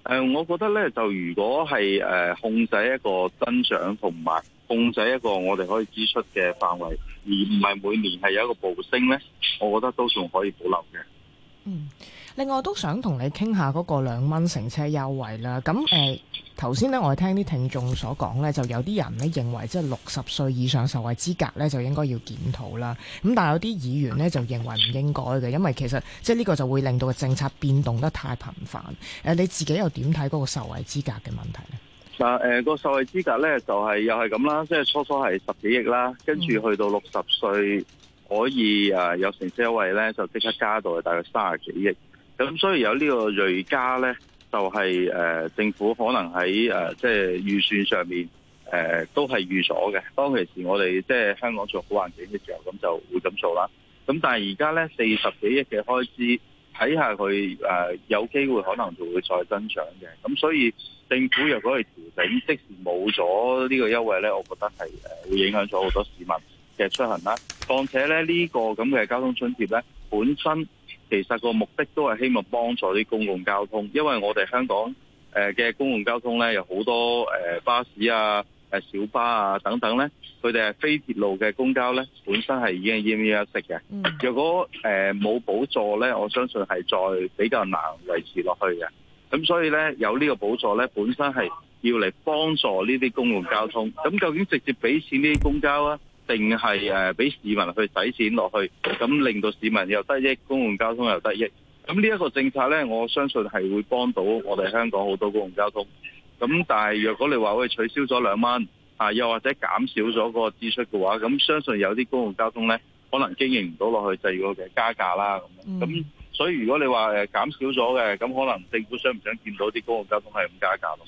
呃，我覺得咧就如果係誒、呃、控制一個增長同埋控制一個我哋可以支出嘅範圍，而唔係每年係有一個暴升咧，我覺得都仲可以保留嘅。嗯。另外都想同你傾下嗰個兩蚊乘車優惠啦。咁誒頭先咧，欸、我聽啲聽，聽眾所講咧，就有啲人咧認為即係六十歲以上受惠資格咧就應該要檢討啦。咁但係有啲議員咧就認為唔應該嘅，因為其實即係呢個就會令到個政策變動得太頻繁。你自己又點睇嗰個受惠資格嘅問題咧？嗱，誒、呃，個受惠資格咧就係又係咁啦，即係初初係十幾億啦，跟住去到六十歲可以誒有乘車優惠咧，就即刻加到大約三十幾億。咁所以有呢個銳加咧，就係誒政府可能喺誒即係預算上面誒都係預咗嘅。當其時我哋即係香港做好環境嘅時候，咁就會咁做啦。咁但係而家咧四十幾億嘅開支，睇下佢誒有機會可能就會再增長嘅。咁所以政府若果去調整，即時冇咗呢個優惠咧，我覺得係誒會影響咗好多市民嘅出行啦。況且咧呢個咁嘅交通津貼咧本身。其實個目的都係希望幫助啲公共交通，因為我哋香港誒嘅公共交通咧有好多誒巴士啊、誒小巴啊等等咧，佢哋係非鐵路嘅公交咧，本身係已經係奄奄一息嘅。若果誒冇補助咧，我相信係再比較難維持落去嘅。咁所以咧有呢個補助咧，本身係要嚟幫助呢啲公共交通。咁究竟直接畀錢呢啲公交啊，定係誒俾市民去使錢落去，咁令到市民又得益，公共交通又得益。咁呢一個政策呢，我相信係會幫到我哋香港好多公共交通。咁但係若果你話我哋取消咗兩蚊，啊又或者減少咗個支出嘅話，咁相信有啲公共交通呢，可能經營唔到落去。第二個嘅加價啦，咁咁所以如果你話誒減少咗嘅，咁可能政府想唔想見到啲公共交通係咁加價咯？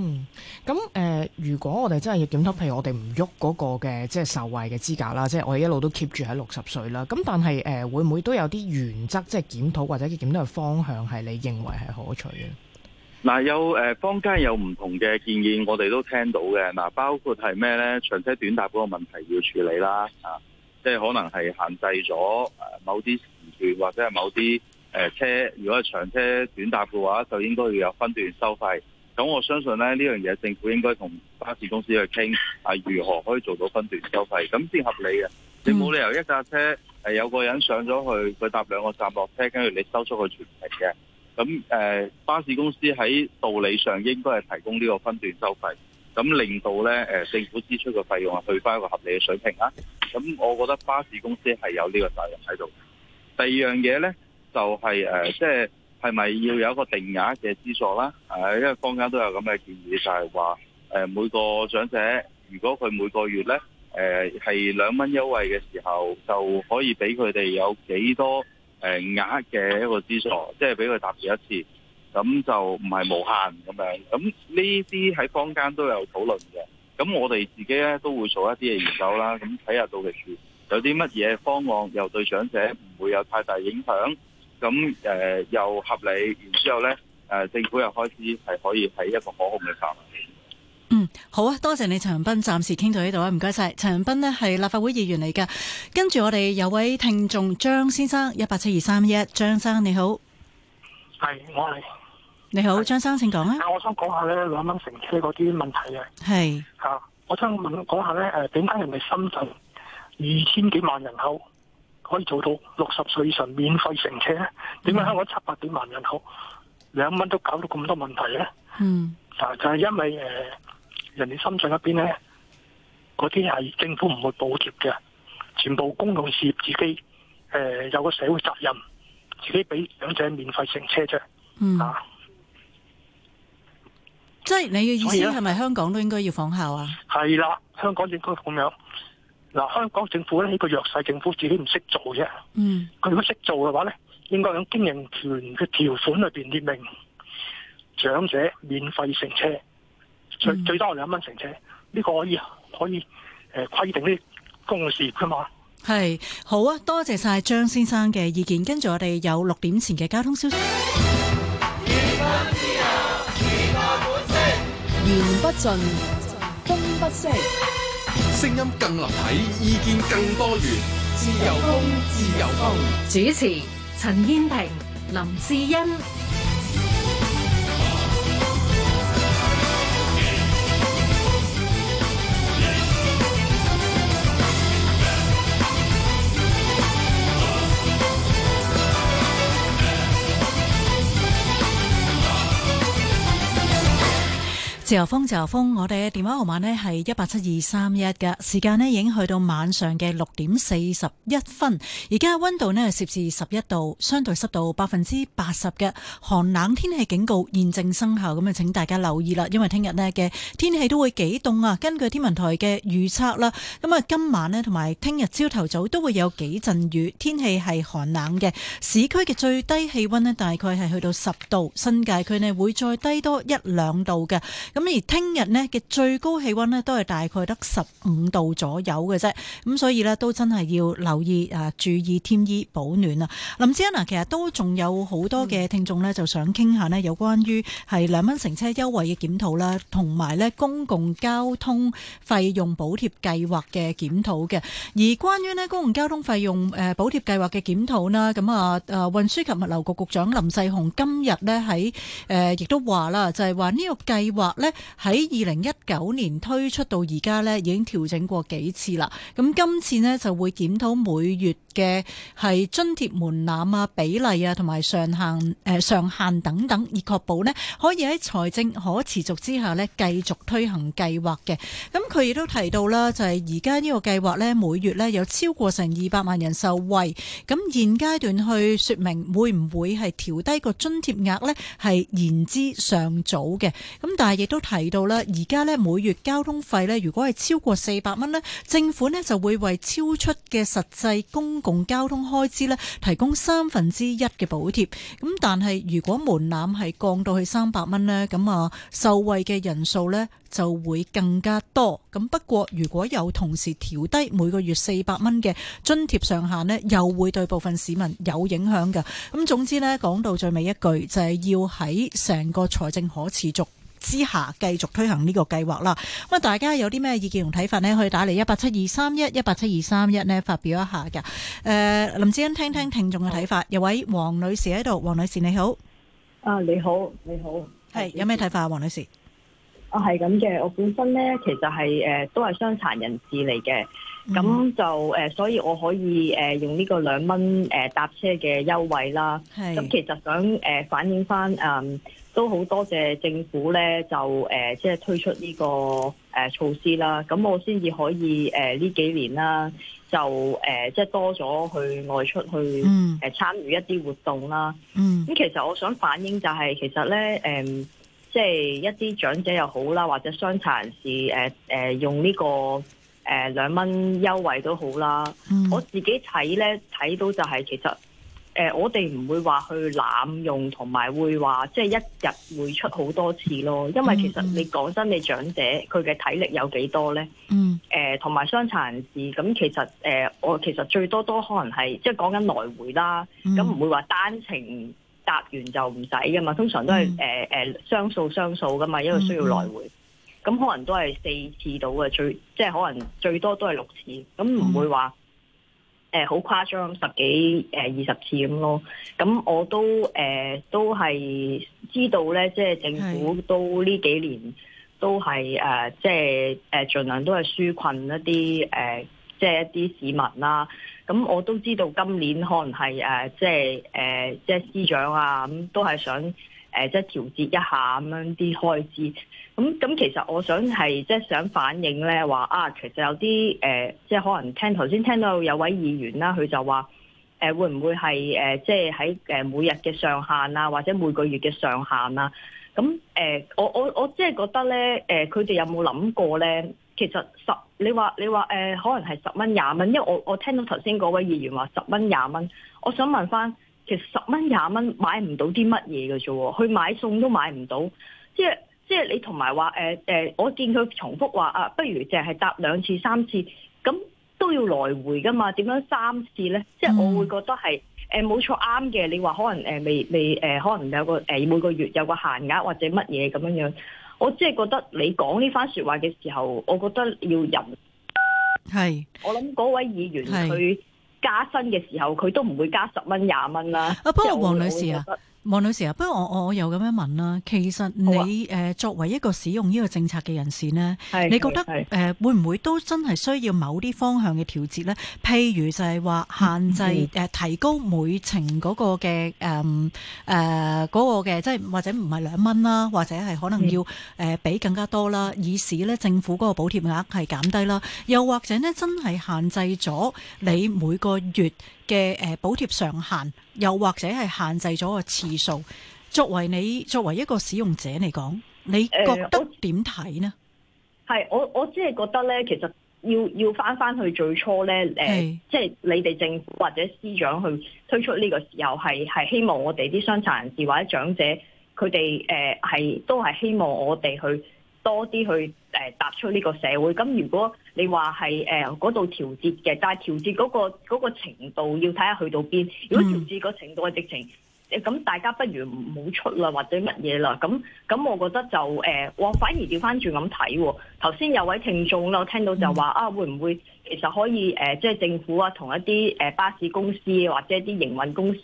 嗯，咁誒、呃，如果我哋真係要檢討，譬如我哋唔喐嗰個嘅即係受惠嘅資格啦，即係我哋一路都 keep 住喺六十歲啦。咁但係誒、呃，會唔會都有啲原則即係檢討或者檢討嘅方向係你認為係可取嘅？嗱、呃，有誒、呃、坊間有唔同嘅建議，我哋都聽到嘅。嗱、呃，包括係咩咧？長車短搭嗰個問題要處理啦，啊、呃，即係可能係限制咗某啲時段或者係某啲誒、呃、車。如果係長車短搭嘅話，就應該要有分段收費。咁我相信咧，呢樣嘢政府應該同巴士公司去傾，如何可以做到分段收費，咁先合理嘅。你冇理由一架車，誒，有個人上咗去，佢搭兩個站落車，跟住你收出佢全程嘅。咁誒，巴士公司喺道理上應該係提供呢個分段收費，咁令到咧誒，政府支出嘅費用啊，去翻一個合理嘅水平啦。咁我覺得巴士公司係有呢個責任喺度。第二樣嘢咧，就係誒即係。就是係咪要有一個定額嘅資助啦？誒，因為坊間都有咁嘅建議，就係話誒，每個長者如果佢每個月呢誒係兩蚊優惠嘅時候，就可以俾佢哋有幾多誒額嘅一個資助，即係俾佢搭住一次，咁就唔係無限咁樣。咁呢啲喺坊間都有討論嘅。咁我哋自己咧都會做一啲嘅研究啦，咁睇下到底有啲乜嘢方案又對長者唔會有太大影響。咁誒、呃、又合理，然之後咧誒、呃、政府又開始係可以喺一個可控嘅範圍。嗯，好啊，多謝你陳恒鑌，暫時傾到呢度啊，唔該晒。陳恒鑌呢係立法會議員嚟噶，跟住我哋有位聽眾張先生，一八七二三一一，張生你好，係我係你好，張是生請講是啊。我想講下咧兩蚊乘車嗰啲問題啊。係吓，我想問講下咧誒，點解人哋深圳，二千幾萬人口。可以做到六十歲以上免費乘車咧？點解香港七百幾萬人口兩蚊都搞到咁多問題咧？嗯，啊就係、是、因為誒、呃，人哋深圳一邊咧，嗰啲係政府唔會補貼嘅，全部公共事業自己誒、呃、有個社會責任，自己俾兩仔免費乘車啫。嗯，啊，即係你嘅意思係咪、啊、香港都應該要仿效啊？係啦，香港應該咁樣。嗱、啊，香港政府咧喺、這個弱勢政府自己唔識做啫。嗯，佢如果識做嘅話咧，應該喺經營權嘅條款裏邊列明長者免費乘車，最最多兩蚊乘車，呢、這個可以可以誒、呃、規定啲公用事業㗎嘛。係，好啊，多謝晒張先生嘅意見。跟住我哋有六點前嘅交通消息。言不盡，風不息。聲音更立體，意見更多元，自由風，自由風。主持：陳燕萍、林志恩。自由風，自由風，我哋嘅電話號碼呢係一八七二三一噶時間呢已經去到晚上嘅六點四十一分，而家嘅溫度呢係攝氏十一度，相對濕度百分之八十，嘅寒冷天氣警告現正生效，咁啊，請大家留意啦，因為聽日呢嘅天氣都會幾凍啊。根據天文台嘅預測啦，咁啊今晚呢同埋聽日朝頭早都會有幾陣雨，天氣係寒冷嘅。市區嘅最低氣溫呢大概係去到十度，新界區呢會再低多一兩度嘅。咁而聽日呢嘅最高氣溫呢，都係大概得十五度左右嘅啫，咁所以呢，都真係要留意啊，注意添衣保暖志恩啊！林志恩其實都仲有好多嘅聽眾呢，就想傾下呢有關於係兩蚊乘車優惠嘅檢討啦，同埋呢公共交通費用補貼計劃嘅檢討嘅。而關於呢公共交通費用誒補貼計劃嘅檢討啦，咁啊誒運輸及物流局局長林世雄今日呢，喺亦都話啦，就係話呢個計劃呢。喺二零一九年推出到而家咧，已經調整過幾次啦。咁今次咧就會檢討每月嘅係津貼門檻啊、比例啊同埋上限誒、呃、上限等等，以確保咧可以喺財政可持續之下咧繼續推行計劃嘅。咁佢亦都提到啦，就係而家呢個計劃咧，每月咧有超過成二百萬人受惠。咁現階段去說明會唔會係調低個津貼額咧，係言之尚早嘅。咁但係亦都。提到咧，而家咧每月交通費咧，如果係超過四百蚊咧，政府咧就會為超出嘅實際公共交通開支咧提供三分之一嘅補貼。咁但係如果門檻係降到去三百蚊咧，咁啊受惠嘅人數咧就會更加多。咁不過如果有同時調低每個月四百蚊嘅津貼上限咧，又會對部分市民有影響嘅。咁總之咧，講到最尾一句就係要喺成個財政可持續。之下繼續推行呢個計劃啦。咁啊，大家有啲咩意見同睇法呢？可以打嚟一八七二三一一八七二三一呢，發表一下嘅。誒，林志欣，聽聽聽眾嘅睇法。哦、有位黃女士喺度，黃女士你好。啊，你好，你好。係有咩睇法啊，黃女士？啊，係咁嘅。我本身呢，其實係誒都係傷殘人士嚟嘅。咁、嗯、就誒，所以我可以誒用呢個兩蚊誒搭車嘅優惠啦。係。咁其實想誒反映翻誒。嗯都好多謝政府咧，就誒、呃、即係推出呢、這個誒、呃、措施啦，咁我先至可以誒呢、呃、幾年啦，就誒、呃、即係多咗去外出去誒參與一啲活動啦。咁、嗯、其實我想反映就係、是、其實咧誒、呃，即係一啲長者又好啦，或者傷殘人士誒誒、呃、用呢、這個誒兩蚊優惠都好啦。嗯、我自己睇咧睇到就係、是、其實。誒、呃，我哋唔會話去濫用，同埋會話即係一日會出好多次咯。因為其實你講真，你長者佢嘅體力有幾多咧？嗯。誒、呃，同埋傷殘人士，咁其實誒、呃，我其實最多都可能係即係講緊來回啦。咁唔、嗯、會話單程搭完就唔使噶嘛。通常都係誒誒雙數雙數噶嘛，因為需要來回。咁、嗯嗯、可能都係四次到嘅最，即係可能最多都係六次。咁唔會話。嗯誒，好誇張，十幾、呃、二十次咁咯。咁我都、呃、都係知道咧，即、即係、政府都呢幾年都係誒即盡量都係紓困一啲即、呃即係、一啲市民啦、啊。咁我都知道今年可能係誒即係即司長啊咁都係想誒即、呃即係、調節一下咁樣啲開支。咁咁，其實我想係即係想反映咧，話啊，其實有啲誒、呃，即係可能聽頭先聽到有位議員啦，佢就話誒、呃，會唔會係誒、呃，即係喺誒每日嘅上限啊，或者每個月嘅上限啊？咁誒、呃，我我我即係覺得咧，誒、呃，佢哋有冇諗過咧？其實十，你話你話誒、呃，可能係十蚊、廿蚊，因為我我聽到頭先嗰位議員話十蚊、廿蚊，我想問翻，其實十蚊、廿蚊買唔到啲乜嘢㗎啫喎，去買餸都買唔到，即係。即係你同埋話誒誒，我見佢重複話啊，不如淨係搭兩次三次，咁都要來回噶嘛？點樣三次咧？嗯、即係我會覺得係誒冇錯啱嘅。你話可能誒、呃、未未誒、呃，可能有個誒、呃、每個月有個限額或者乜嘢咁樣樣。我即係覺得你講呢番説話嘅時候，我覺得要人係。是我諗嗰位議員佢加薪嘅時候，佢是都唔會加十蚊廿蚊啦。不過、啊、王女士啊。王女士啊，不如我我我又咁樣問啦，其實你誒作為一個使用呢個政策嘅人士咧，啊、你覺得誒會唔會都真係需要某啲方向嘅調節咧？譬如就係話限制誒提高每程嗰、嗰個嘅誒誒嗰個嘅，即係或者唔係兩蚊啦，或者係可能要誒俾更加多啦，以使咧政府嗰個補貼額係減低啦，又或者呢，真係限制咗你每個月。嘅誒，補貼上限，又或者係限制咗個次數。作為你作為一個使用者嚟講，你覺得點睇呢？係、欸、我我只係覺得咧，其實要要翻翻去最初咧，誒係、呃，即係你哋政府或者司長去推出呢個時候，係係希望我哋啲傷殘人士或者長者佢哋誒，係、呃、都係希望我哋去多啲去誒、呃、踏出呢個社會，咁、呃、如果你話係誒嗰度調節嘅，但係調節嗰、嗰個嗰個程度要睇下去到邊。如果調節嗰個程度係直情，嗯咁大家不如唔好出啦，或者乜嘢啦？咁咁，我覺得就誒，我、呃、反而調翻轉咁睇喎。頭先有一位聽眾啦，聽到就話啊，會唔會其實可以誒，即、呃、係政府啊，同一啲誒巴士公司或者一啲營運公司，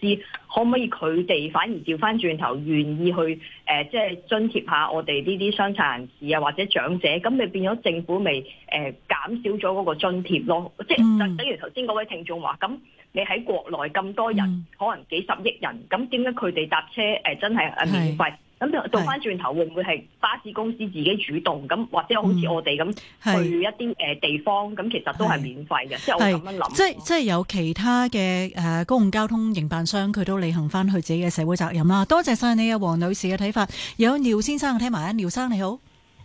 可唔可以佢哋反而調翻轉頭願意去誒，即、呃、係、就是、津貼下我哋呢啲傷殘人士啊，或者長者？咁你變咗政府咪誒、呃、減少咗嗰個津貼咯？即係等於頭先嗰位聽眾話咁。你喺國內咁多人，嗯、可能幾十億人，咁點解佢哋搭車、欸、真係免費？咁是倒翻轉頭會唔是會係巴士公司自己主動？咁或者好似我哋咁、嗯、去一啲地方，咁是其實都係免費嘅。即係我咁樣諗。即即係有其他嘅誒公共交通營辦商，佢都履行翻佢自己嘅社會責任啦。多謝晒你啊，黃女士嘅睇法。有廖先生嘅聽埋啊，廖生你好。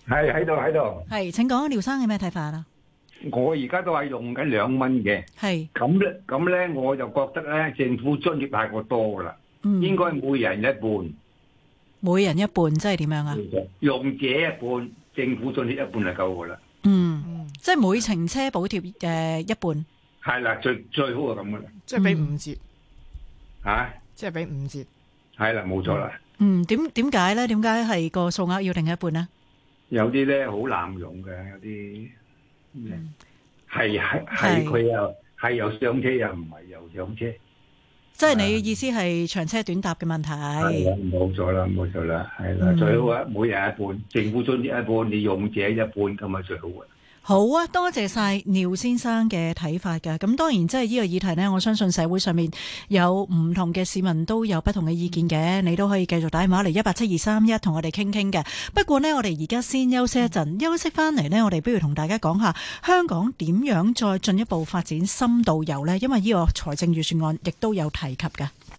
係喺度喺度。係請講啊，廖生有咩睇法啦？我而家都係用緊兩蚊嘅。係咁咧，咁咧我就覺得咧，政府津貼太過多噶啦，嗯，應該每人一半，每人一半即係點樣啊？用者一半，政府津貼一半就夠噶啦。嗯，即係每程車補貼嘅一半。係啦，最最好係咁噶啦。即係俾五折。吓！即係俾五折。係啦，冇錯啦。嗯，點點解咧？點解係個數額要定一半咧？有啲咧好濫用嘅，有啲。嗯，係係係佢又係有上車又唔係又上車，即係你意思係長車短搭嘅問題。冇錯啦，冇錯啦，係啦，是嗯、最好啊，每人一半，政府津貼一半，你用者一半咁啊最好啊。好啊，多謝晒廖先生嘅睇法㗎。咁當然，即係呢個議題呢，我相信社會上面有唔同嘅市民都有不同嘅意見嘅。嗯、你都可以繼續打電話嚟，一八七二三一同我哋傾傾嘅。不過呢，我哋而家先休息一陣，休息翻嚟呢，我哋不如同大家講下香港點樣再進一步發展深度遊呢？因為呢個財政預算案亦都有提及嘅。